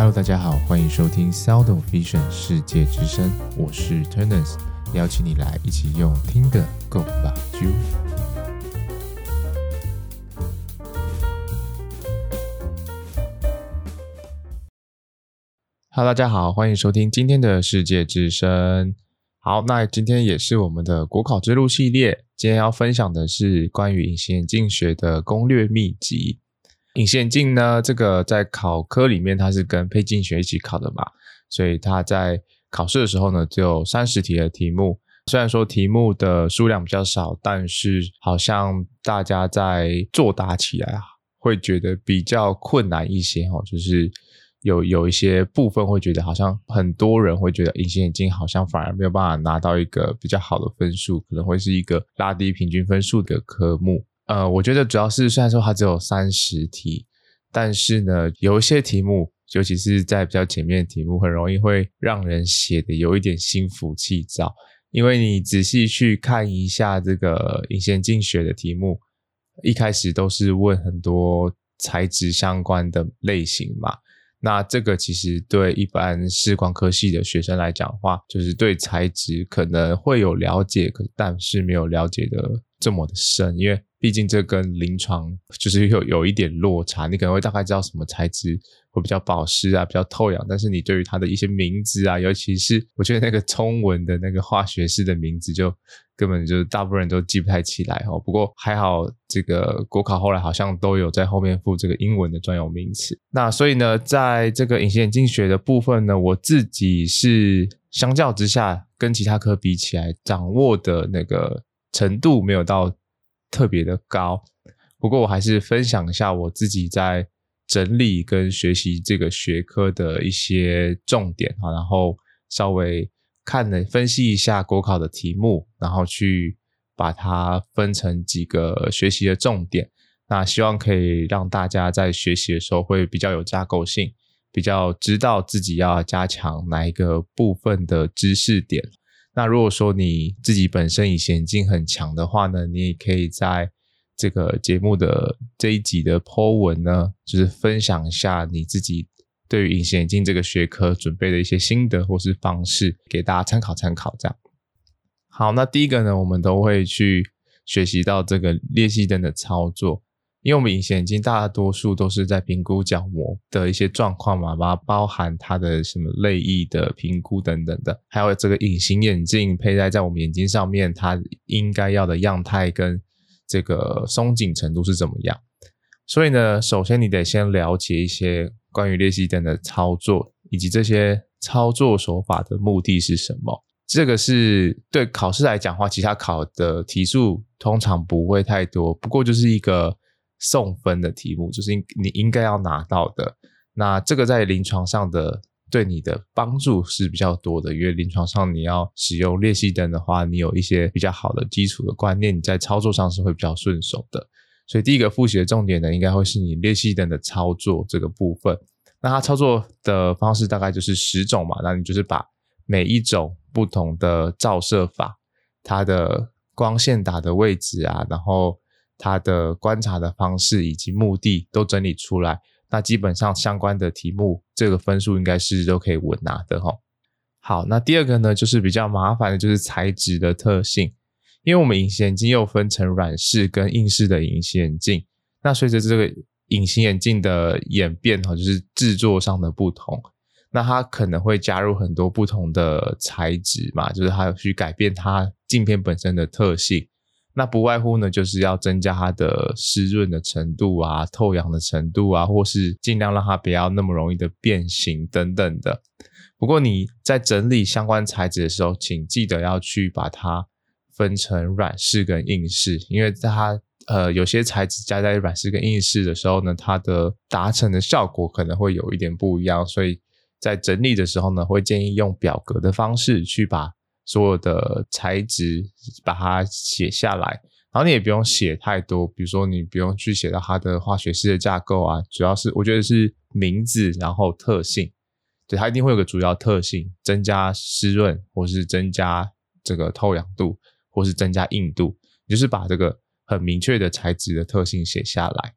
Hello，大家好，歡迎收聽 Seldom Vision 世界之聲，我是 Turners，邀請你來一起用聽的 Go 吧，就。Hello，大家好，歡迎收聽今天的世界之聲。好，那今天也是我們的國考之路系列，今天要分享的是關於隱形眼鏡學的攻略秘籍。隱形眼鏡呢？這個在考科裡面，它是跟配鏡學一起考的嘛，所以它在考試的時候呢，只有三十題的題目。雖然說題目的數量比較少，但是好像大家在作答起來啊，會覺得比較困難一些哦，就是有有一些部分會覺得，好像很多人會覺得隱形眼鏡好像反而沒有辦法拿到一個比較好的分數，可能會是一個拉低平均分數的科目。呃，我覺得主要是雖然說它只有三十題，但是呢，有一些題目，尤其是在比較前面的題目，很容易會讓人寫的有一點心浮氣躁。因為你仔細去看一下這個隱形眼鏡學的題目，一開始都是問很多材質相關的類型嘛。那這個其實對一般視光科系的學生來講的話，就是對材質可能會有了解，可但是沒有了解的這麼的深，因為。畢竟這跟臨床就是有有一點落差，你可能會大概知道什麼材質會比較保濕啊，比較透氧，但是你對於它的一些名字啊，尤其是我覺得那個中文的那個化學式的名字，就根本就是大部分人都記不太起來哦。不過還好，這個國考後來好像都有在後面附這個英文的專有名詞。那所以呢，在這個隱形眼鏡學的部分呢，我自己是相較之下跟其他科比起來，掌握的那個程度沒有到。特別的高，不過我還是分享一下我自己在整理跟學習這個學科的一些重點，然後稍微看了分析一下國考的題目，然後去把它分成幾個學習的重點，那希望可以讓大家在學習的時候會比較有架構性，比較知道自己要加強哪一個部分的知識點。那如果說你自己本身隱形眼鏡很強的話呢，你也可以在這個節目的這一集的 Po 文呢，就是分享一下你自己對於隱形眼鏡這個學科準備的一些心得或是方式，給大家參考參考這樣。好，那第一個呢，我們都會去學習到這個裂隙燈的操作。因為我們隱形眼鏡大多數都是在評估角膜的一些狀況嘛，包括包含它的什麼淚液的評估等等的，還有這個隱形眼鏡佩戴在我們眼睛上面，它應該要的樣態跟這個鬆緊程度是怎麼樣。所以呢，首先你得先了解一些關於裂隙燈的操作，以及這些操作手法的目的是什麼。這個是對考試來講的話，其他考的題數通常不會太多，不過就是一個。送分的題目就是應你應該要拿到的。那這個在臨床上的對你的幫助是比較多的，因為臨床上你要使用裂隙燈的話，你有一些比較好的基礎的觀念，你在操作上是會比較順手的。所以第一個複習的重點呢，應該會是你裂隙燈的操作這個部分。那它操作的方式大概就是十種嘛，那你就是把每一種不同的照射法，它的光線打的位置啊，然後。他的觀察的方式以及目的都整理出來，那基本上相關的題目，這個分數應該是都可以穩拿的哈。好，那第二個呢，就是比較麻煩的，就是材質的特性，因為我們隱形眼鏡又分成軟式跟硬式的隱形眼鏡。那隨着這個隱形眼鏡的演變哈，就是製作上的不同，那它可能會加入很多不同的材質嘛，就是它有去改變它鏡片本身的特性。那不外乎呢，就是要增加它的濕潤的程度啊，透氧的程度啊，或是盡量讓它不要那麼容易的變形等等的。不過你在整理相關材質的時候，請記得要去把它分成軟式跟硬式，因為它呃有些材質加在軟式跟硬式的時候呢，它的達成的效果可能會有一點不一樣，所以在整理的時候呢，會建議用表格的方式去把。所有的材質，把它寫下來，然後你也不用寫太多，比如說你不用去寫到它的化學式的架構啊，主要是我覺得是名字，然後特性，對，它一定會有個主要特性，增加濕潤，或是增加這個透氧度，或是增加硬度，你就是把這個很明確的材質的特性寫下來。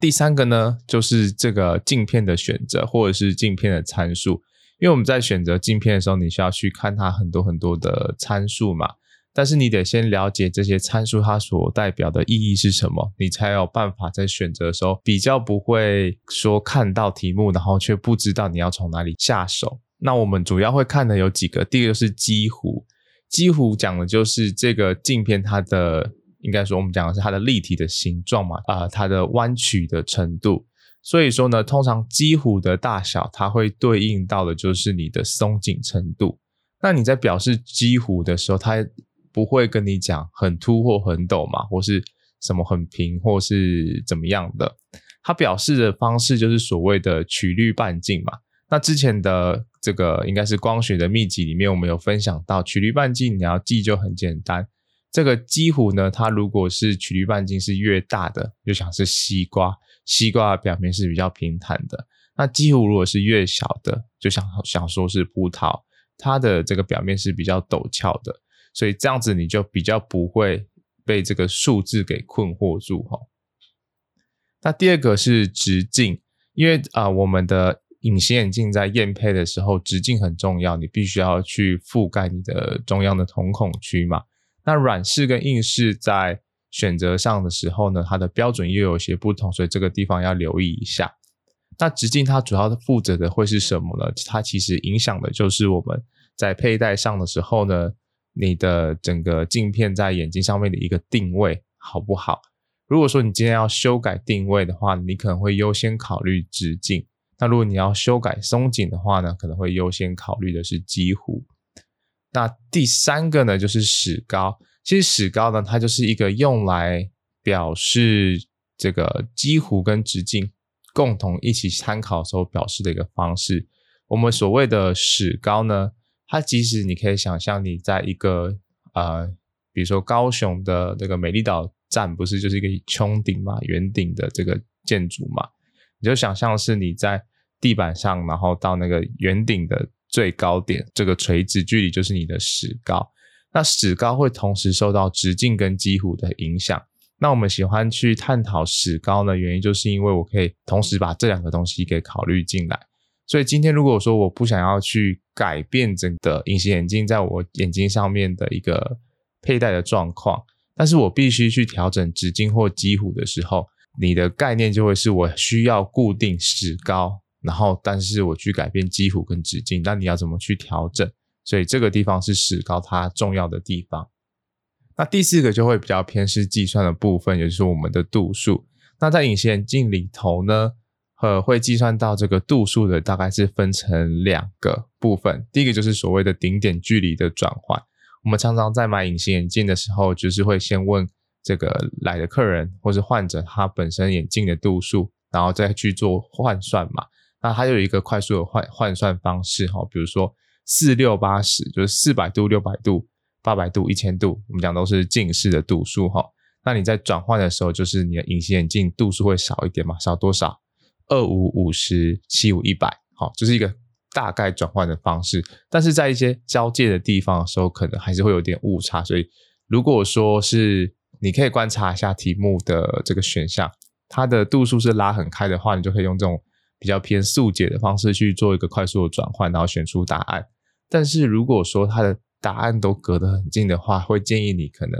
第三個呢，就是這個鏡片的選擇，或者是鏡片的參數。因為我們在選擇鏡片的時候，你需要去看它很多很多的參數嘛，但是你得先了解這些參數它所代表的意義是什麼，你才有辦法在選擇的時候比較不會說看到題目，然後卻不知道你要從哪裡下手。那我們主要會看的有幾個，第一個是基弧，基弧講的就是這個鏡片它的，應該說我們講的是它的立體的形狀嘛，啊、呃，它的彎曲的程度。所以說呢，通常肌弧的大小，它會對應到的就是你的鬆緊程度。那你在表示肌弧的時候，它不會跟你講很突或很陡嘛，或是什麼很平或是怎麼樣的。它表示的方式就是所謂的曲率半徑嘛。那之前的這個應該是光學的秘籍裡面，我們有分享到曲率半徑，你要記就很簡單。這個肌弧呢，它如果是曲率半徑是越大的，就像是西瓜。西瓜表面是比較平坦的，那幾乎如果是越小的，就想想說是葡萄，它的這個表面是比較陡峭的，所以這樣子你就比較不會被這個數字給困惑住哈、哦。那第二個是直徑，因為啊、呃、我們的隱形眼鏡在驗配的時候，直徑很重要，你必須要去覆蓋你的中央的瞳孔區嘛。那軟式跟硬式在選擇上的時候呢，它的標準又有些不同，所以這個地方要留意一下。那直徑它主要負責的會是什麼呢？它其實影響的就是我們在佩戴上的時候呢，你的整個鏡片在眼睛上面的一個定位好不好？如果說你今天要修改定位的話，你可能會優先考慮直徑。那如果你要修改鬆緊的話呢，可能會優先考慮的是基弧。那第三個呢，就是矢高。其實矢高呢，它就是一個用來表示這個基弧跟直徑共同一起參考的時候表示的一個方式。我們所謂的矢高呢，它其實你可以想象，你在一個呃，比如說高雄的這個美麗島站，不是就是一個穹頂嘛，圓頂的這個建築嘛，你就想象是你在地板上，然後到那個圓頂的最高點，這個垂直距離就是你的矢高。那矢高會同時受到直徑跟基弧的影響。那我們喜歡去探討矢高呢，原因就是因為我可以同時把這兩個東西給考慮進來。所以今天如果說我不想要去改變整個隱形眼鏡在我眼睛上面的一個佩戴的狀況，但是我必須去調整直徑或基弧的時候，你的概念就會是我需要固定矢高，然後但是我去改變基弧跟直徑，那你要怎麼去調整？所以這個地方是使高，它重要的地方。那第四個就會比較偏是計算的部分，也就是我們的度數。那在隱形眼鏡裡頭呢，呃，會計算到這個度數的，大概是分成兩個部分。第一個就是所謂的頂點距離的轉換。我們常常在買隱形眼鏡的時候，就是會先問這個來的客人或是患者他本身眼鏡的度數，然後再去做換算嘛。那還有一個快速的換換算方式哈，比如說。四六八十就是四百度、六百度、八百度、一千度，我們講都是近視的度數哈。那你在轉換的時候，就是你的隱形眼鏡度數會少一點嘛？少多少？二五、五十、七五、一百，好，這是一個大概轉換的方式。但是在一些交界的地方的時候，可能還是會有點誤差。所以如果說是你可以觀察一下題目的這個選項，它的度數是拉很開的話，你就可以用這種。比較偏速解的方式去做一個快速的轉換，然後選出答案。但是如果說它的答案都隔得很近的話，會建議你可能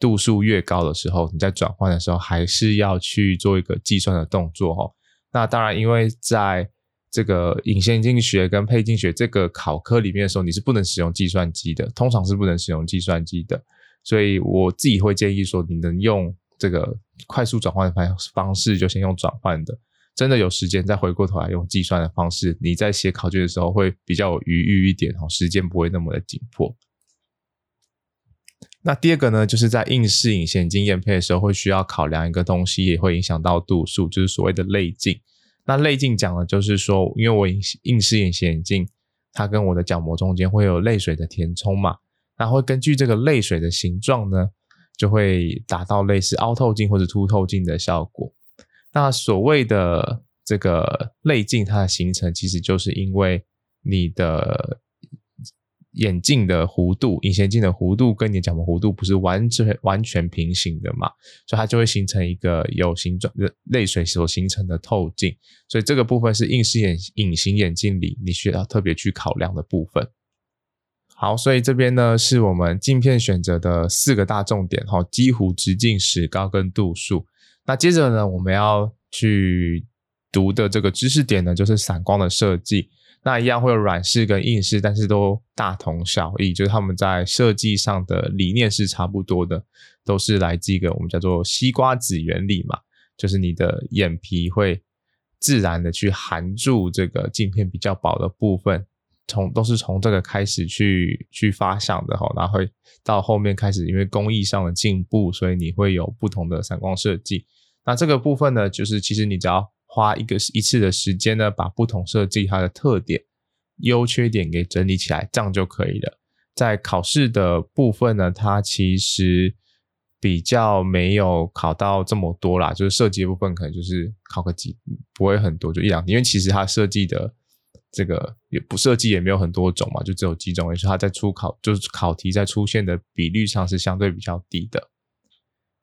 度數越高的時候，你在轉換的時候還是要去做一個計算的動作哦。那當然，因為在這個隱形眼鏡學跟配鏡學這個考科裡面的時候，你是不能使用計算機的，通常是不能使用計算機的。所以我自己會建議說，你能用這個快速轉換的方方式，就先用轉換的。真的有時間再回過頭來用計算的方式，你在寫考卷的時候會比較有餘裕一點哦，時間不會那麼的緊迫。那第二個呢，就是在硬式隱形眼鏡驗配的時候，會需要考量一個東西，也會影響到度數，就是所謂的淚鏡。那淚鏡講的就是說，因為我硬硬式隱形眼鏡，它跟我的角膜中間會有淚水的填充嘛，然後根據這個淚水的形狀呢，就會達到類似凹透鏡或者凸透鏡的效果。那所謂的這個內鏡，它的形成其實就是因為你的眼鏡的弧度，隱形鏡的弧度跟你角膜弧度不是完全完全平行的嘛，所以它就會形成一個有形狀的淚水所形成的透鏡，所以這個部分是硬式眼隱形眼鏡裡你需要特別去考量的部分。好，所以這邊呢是我們鏡片選擇的四個大重點哈：幾乎直徑、史高跟度數。那接着呢，我們要去讀的這個知識點呢，就是散光的設計。那一樣會有軟式跟硬式，但是都大同小異，就是他們在設計上的理念是差不多的，都是來自一個我們叫做西瓜子原理嘛，就是你的眼皮會自然的去含住這個鏡片比較薄的部分，從都是從這個開始去去發想的哈，然後會到後面開始，因為工藝上的進步，所以你會有不同的散光設計。那這個部分呢，就是其實你只要花一個一次的時間呢，把不同設計它的特點、優缺點給整理起來，這樣就可以了。在考試的部分呢，它其實比較沒有考到這麼多啦，就是設計的部分可能就是考個幾，不會很多，就一兩。因為其實它設計的這個也不設計也沒有很多種嘛，就只有幾種，就是它在出考就是考題在出現的比率上是相對比較低的。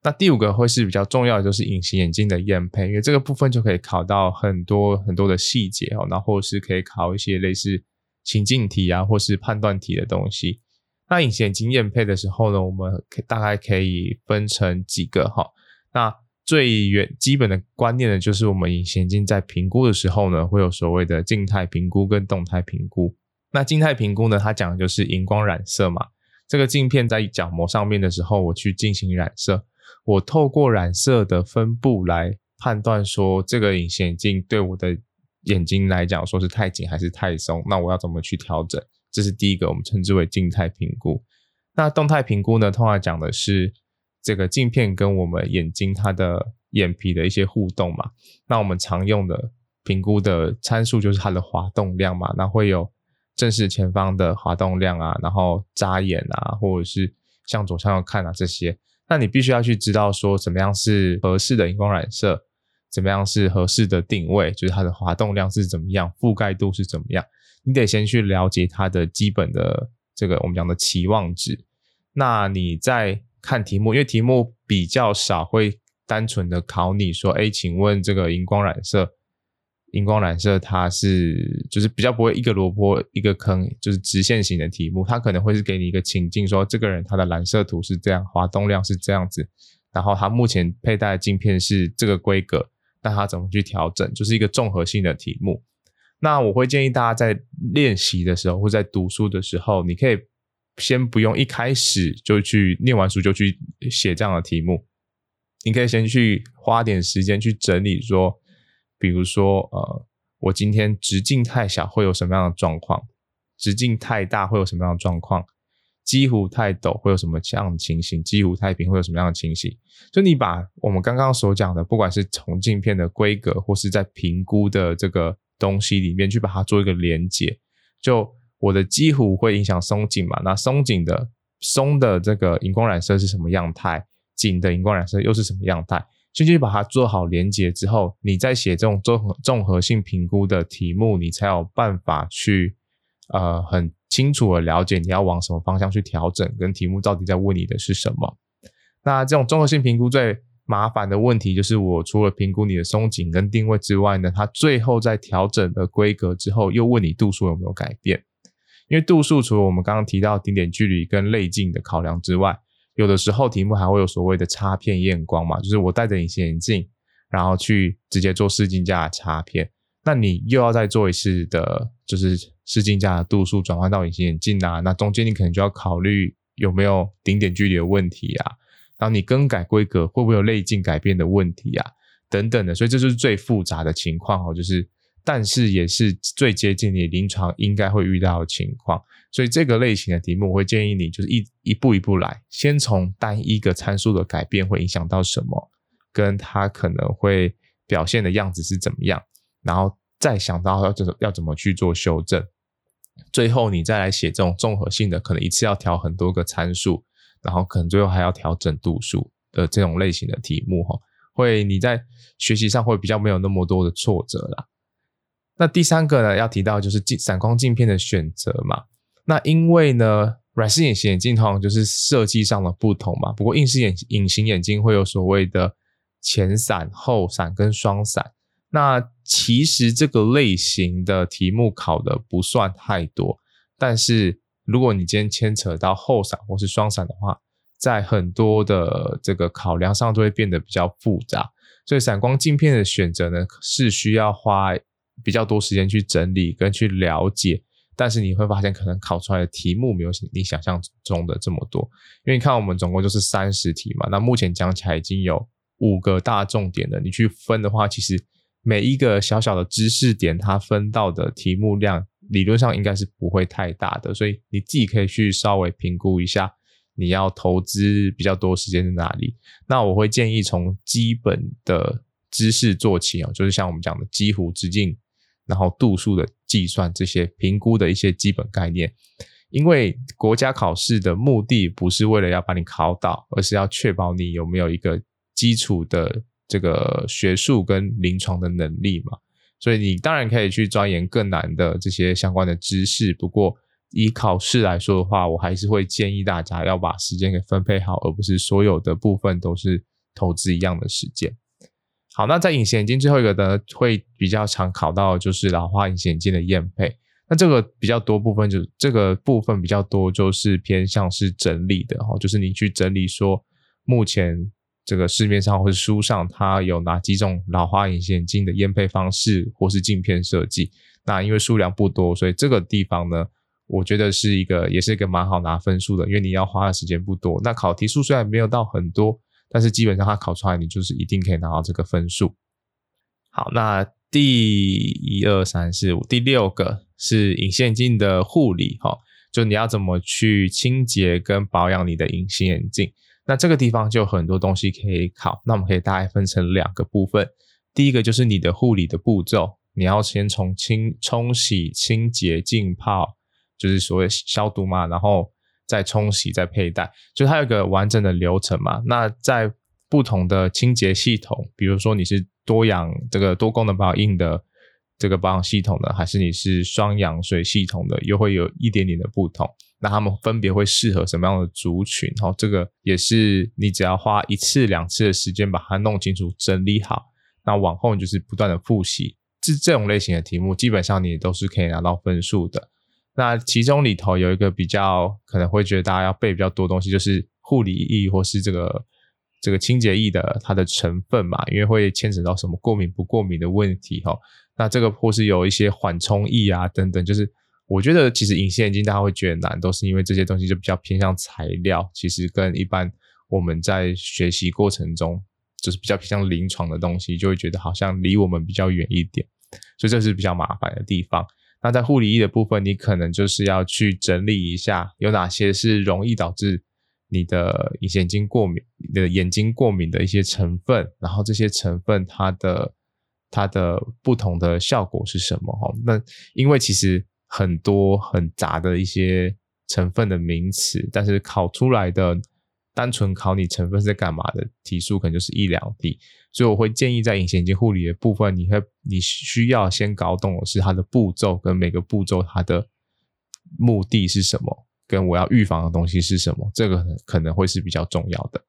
那第五個會是比較重要的，就是隱形眼鏡的驗配，因為這個部分就可以考到很多很多的細節哦。然後是可以考一些類似情境題啊，或是判斷題的東西。那隱形眼鏡驗配的時候呢，我們可大概可以分成幾個哈。那最原基本的觀念呢，就是我們隱形眼鏡在評估的時候呢，會有所謂的靜態評估跟動態評估。那靜態評估呢，它講的就是熒光染色嘛，這個鏡片在角膜上面的時候，我去進行染色。我透過染色的分佈來判斷，說這個隱形眼鏡對我的眼睛來講，說是太緊還是太鬆。那我要怎麼去調整？這是第一個，我們稱之為靜態評估。那動態評估呢？通常講的是這個鏡片跟我們眼睛它的眼皮的一些互動嘛。那我們常用的評估的參數就是它的滑動量嘛。那會有正視前方的滑動量啊，然後眨眼啊，或者是向左向右看啊這些。那你必須要去知道說怎麼樣是合適的熒光染色，怎麼樣是合適的定位，就是它的滑動量是怎麼樣，覆蓋度是怎麼樣，你得先去了解它的基本的這個我們講的期望值。那你再看題目，因為題目比較少，會單純的考你說，哎，請問這個熒光染色。熒光染色，它是就是比較不會一個蘿蔔一個坑，就是直線型的題目，它可能會是給你一個情境，說這個人他的藍色圖是這樣，滑動量是這樣子，然後他目前佩戴的鏡片是這個規格，那他怎麼去調整？就是一個綜合性的題目。那我會建議大家在練習的時候，或在讀書的時候，你可以先不用一開始就去念完書就去寫這樣的題目，你可以先去花點時間去整理說。比如說，呃，我今天直徑太小會有什麼樣的狀況？直徑太大會有什麼樣的狀況？基弧太陡會有什麼樣的情形？基弧太平會有什麼樣的情形？就你把我們剛剛所講的，不管是從鏡片的規格，或是在評估的這個東西裡面去把它做一個連結，就我的基弧會影響鬆緊嘛？那鬆緊的鬆的這個熒光染色是什麼樣態？緊的熒光染色又是什麼樣態？先去把它做好連接之後，你再寫這種綜合綜合性評估的題目，你才有辦法去，呃，很清楚的了解你要往什麼方向去調整，跟題目到底在問你的是什麼。那這種綜合性評估最麻煩的問題就是，我除了評估你的鬆緊跟定位之外呢，它最後在調整的規格之後，又問你度數有沒有改變，因為度數除了我們剛剛提到頂點距離跟淚鏡的考量之外。有的時候題目還會有所謂的插片驗光嘛，就是我戴着隱形眼鏡，然後去直接做試鏡架的插片，那你又要再做一次的，就是試鏡架的度數轉換到隱形眼鏡啊，那中間你可能就要考慮有沒有頂點距離的問題啊，當你更改規格會不會有淚鏡改變的問題啊，等等的，所以這就是最複雜的情況哦，就是。但是也是最接近你臨床應該會遇到的情況，所以這個類型的題目，我會建議你就是一一步一步來，先從單一個參數的改變會影響到什麼，跟它可能會表現的樣子是怎麼樣，然後再想到要怎麼要怎麼去做修正，最後你再來寫這種綜合性的，可能一次要調很多個參數，然後可能最後還要調整度數的這種類型的題目，吼，會你在學習上會比較沒有那麼多的挫折啦。那第三個呢，要提到就是鏡散光鏡片的選擇嘛。那因為呢，軟式隱形眼鏡通常就是設計上的不同嘛。不過硬式眼隱形眼鏡會有所謂的前散、後散跟雙散。那其實這個類型的題目考的不算太多，但是如果你今天牽扯到後散或是雙散的話，在很多的這個考量上都會變得比較複雜。所以散光鏡片的選擇呢，是需要花。比較多時間去整理跟去了解，但是你會發現可能考出來的題目沒有你想象中的這麼多，因為你看我們總共就是三十題嘛，那目前講起來已經有五個大重點了，你去分的話，其實每一個小小的知識點它分到的題目量理論上應該是不會太大的，所以你自己可以去稍微評估一下你要投資比較多時間在哪裡。那我會建議從基本的知識做起哦，就是像我們講的基弧直徑。然後度數的計算，這些評估的一些基本概念，因為國家考試的目的不是為了要把你考倒，而是要確保你有沒有一個基礎的這個學術跟臨床的能力嘛。所以你當然可以去鑽研更難的這些相關的知識，不過以考試來說的話，我還是會建議大家要把時間給分配好，而不是所有的部分都是投資一樣的時間。好，那在隱形眼鏡最後一個呢，會比較常考到的就是老花隱形眼鏡的驗配。那這個比較多部分就，就這個部分比較多，就是偏向是整理的哦，就是你去整理說目前這個市面上或者書上它有哪幾種老花隱形眼鏡的驗配方式，或是鏡片設計。那因為數量不多，所以這個地方呢，我覺得是一個，也是一個蠻好拿分數的，因為你要花的時間不多。那考題數雖然沒有到很多，但是基本上它考出來，你就是一定可以拿到這個分數。好，那第一二三四五第六個是隱形眼鏡的護理，哈，就你要怎麼去清潔跟保養你的隱形眼鏡。那這個地方就有很多東西可以考，那我們可以大概分成兩個部分。第一個就是你的護理的步驟，你要先從清沖洗、清潔、浸泡，就是所謂消毒嘛，然後。再沖洗、再佩戴，就它有一個完整的流程嘛。那在不同的清潔系統，比如說你是多氧這個多功能保養的這個保養系統的，還是你是雙氧水系統的，又會有一點點的不同。那它們分別會適合什麼樣的族群？然後這個也是你只要花一次、兩次的時間把它弄清楚、整理好，那往後你就是不斷的複習這這種類型的題目，基本上你都是可以拿到分數的。那其中裡頭有一個比較可能會覺得大家要背比較多東西，就是護理液或是這個這個清潔液的它的成分嘛，因為會牽扯到什麼過敏不過敏的問題哈、哦。那這個或是有一些緩衝液啊等等，就是我覺得其實隱形眼鏡大家會覺得難，都是因為這些東西就比較偏向材料，其實跟一般我們在學習過程中就是比較偏向臨床的東西，就會覺得好像離我們比較遠一點，所以這是比較麻煩的地方。那在護理液的部分，你可能就是要去整理一下有哪些是容易導致你的眼睛過敏、你的眼睛過敏的一些成分，然後這些成分它的它的不同的效果是什麼？哈，那因為其實很多很雜的一些成分的名詞，但是考出來的。單純考你成分是在幹嘛的題數可能就是一兩題，所以我會建議在隱形眼鏡護理的部分，你會你需要先搞懂的是它的步驟跟每個步驟它的目的是什麼，跟我要預防的東西是什麼，這個可能會是比較重要的。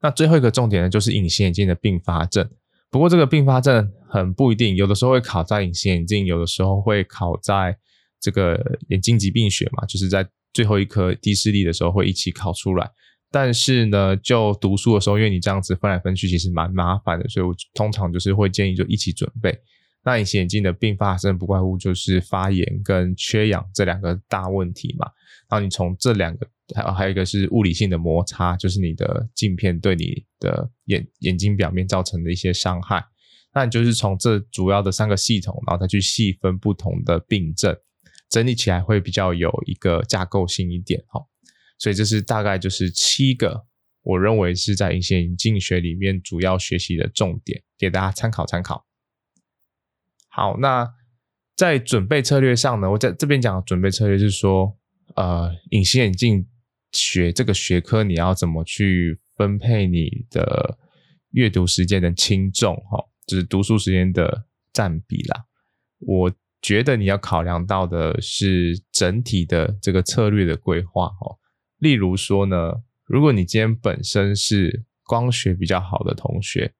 那最後一個重點呢，就是隱形眼鏡的併發症。不過這個併發症很不一定，有的時候會考在隱形眼鏡，有的時候會考在這個眼睛疾病學嘛，就是在。最後一科低視力的時候會一起考出來，但是呢，就讀書的時候，因為你這樣子分來分去，其實蠻麻煩的，所以我通常就是會建議就一起準備。那隱形眼鏡的併發症不外乎就是發炎跟缺氧這兩個大問題嘛，然後你從這兩個，還還有一個是物理性的摩擦，就是你的鏡片對你的眼眼睛表面造成的一些傷害。那你就是從這主要的三個系統，然後再去細分不同的病症，整理起來會比較有一個架構性，一點哈，所以這是大概就是七個，我認為是在隱形眼鏡學裡面主要學習的重點，給大家參考參考。好，那在準備策略上呢，我在這邊講的準備策略是說，呃，隱形眼鏡學這個學科你要怎麼去分配你的閱讀時間的輕重哈，就是讀書時間的佔比啦，我覺得你要考量到的是整體的這個策略的規劃哦。例如說呢，如果你今天本身是光學比較好的同學，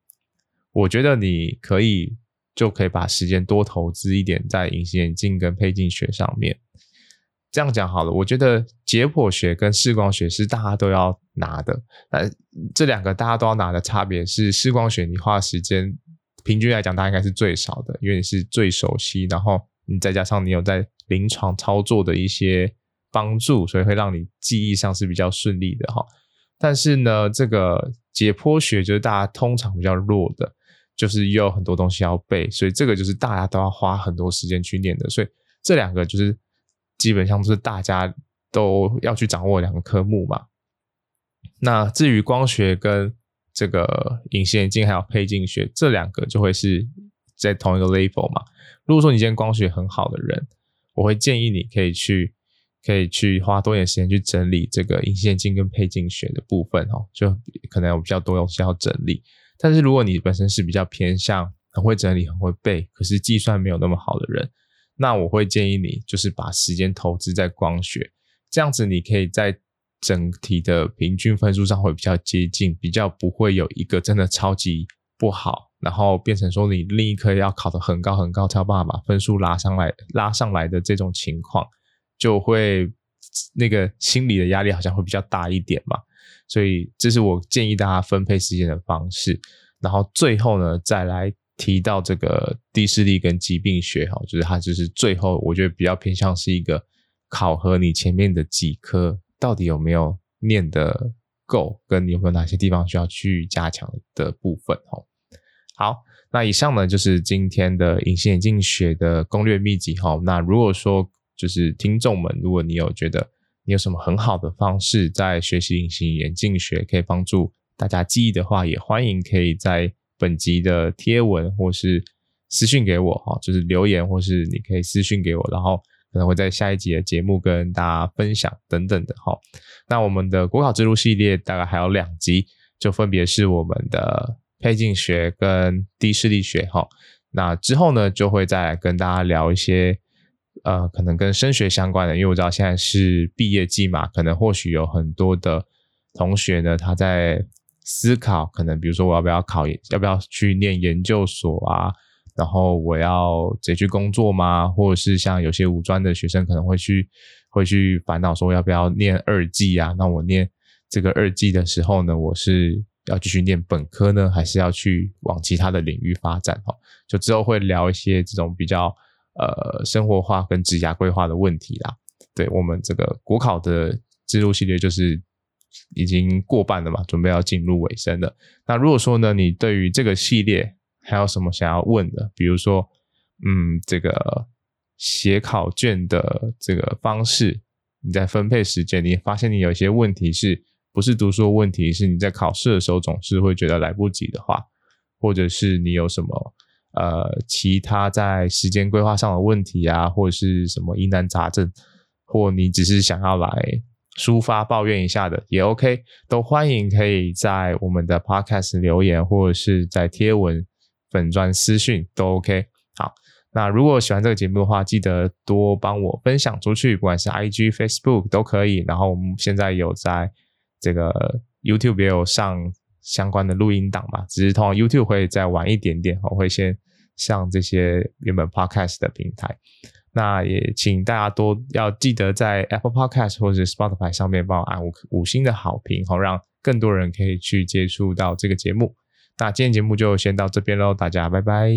我覺得你可以就可以把時間多投資一點在隱形眼鏡跟配鏡學上面。這樣講好了，我覺得解剖學跟視光學是大家都要拿的。呃，這兩個大家都要拿的差別是視光學你花時間平均來講它應該是最少的，因為你是最熟悉，然後。你再加上你有在臨床操作的一些幫助，所以會讓你記憶上是比較順利的哈。但是呢，這個解剖學就是大家通常比較弱的，就是又有很多東西要背，所以這個就是大家都要花很多時間去念的。所以這兩個就是基本上都是大家都要去掌握兩個科目嘛。那至於光學跟這個隱形眼鏡還有配鏡學，這兩個就會是。在同一個 level 嘛，如果說你今天光學很好的人，我會建議你可以去，可以去花多點時間去整理這個隱形眼鏡跟配鏡學的部分哦，就可能有比較多東西要整理。但是如果你本身是比較偏向很會整理、很會背，可是計算沒有那麼好的人，那我會建議你就是把時間投資在光學，這樣子你可以在整體的平均分數上會比較接近，比較不會有一個真的超級不好。然後變成說，你另一科要考得很高很高，才有辦法把分數拉上來，拉上來的這種情況，就會那個心理的壓力好像會比較大一點嘛。所以這是我建議大家分配時間的方式。然後最後呢，再來提到這個低視力跟疾病學，吼，就是它就是最後我覺得比較偏向是一個考核你前面的幾科到底有沒有念得夠，跟你有沒有哪些地方需要去加強的部分，吼。好，那以上呢，就是今天的隱形眼鏡學的攻略秘籍哈。那如果說就是聽眾們，如果你有覺得你有什麼很好的方式在學習隱形眼鏡學可以幫助大家記憶的話，也歡迎可以在本集的貼文或是私訊給我哈，就是留言或是你可以私訊給我，然後可能會在下一集的節目跟大家分享等等的哈。那我們的國考之路系列大概還有兩集，就分別是我們的。配鏡學跟低視力學，哈，那之後呢，就會再來跟大家聊一些，呃，可能跟升學相關的，因為我知道現在是畢業季嘛，可能或許有很多的同學呢，他在思考，可能比如說我要不要考，要不要去念研究所啊？然後我要直接去工作嗎？或者是像有些五專的學生可能會去，會去煩惱說，要不要念二技啊？那我念這個二技的時候呢，我是。要繼續念本科呢，還是要去往其他的領域發展哦？哈，就之後會聊一些這種比較呃生活化、跟職涯規劃的問題啦。對，我們這個國考的之路系列，就是已經過半了嘛，準備要進入尾聲了。那如果說呢，你對於這個系列還有什麼想要問的，比如說，嗯，這個寫考卷的這個方式，你在分配時間，你發現你有一些問題是？不是讀書的問題，是你在考試的時候總是會覺得來不及的話，或者是你有什麼呃其他在時間規劃上的問題啊，或者是什麼疑難雜症，或你只是想要來抒發抱怨一下的也 OK，都歡迎可以在我們的 Podcast 留言，或者是在貼文、粉專私訊都 OK。好，那如果喜歡這個節目的話，記得多幫我分享出去，不管是 IG、Facebook 都可以。然後我們現在有在。這個 YouTube 也有上相關的錄音檔嘛，只是通常 YouTube 會再晚一點點，我會先上這些原本 Podcast 的平台。那也請大家都要記得在 Apple Podcast 或者是 Spotify 上面幫我按五五星的好評，好讓更多人可以去接觸到這個節目。那今天節目就先到這邊嘍，大家拜拜。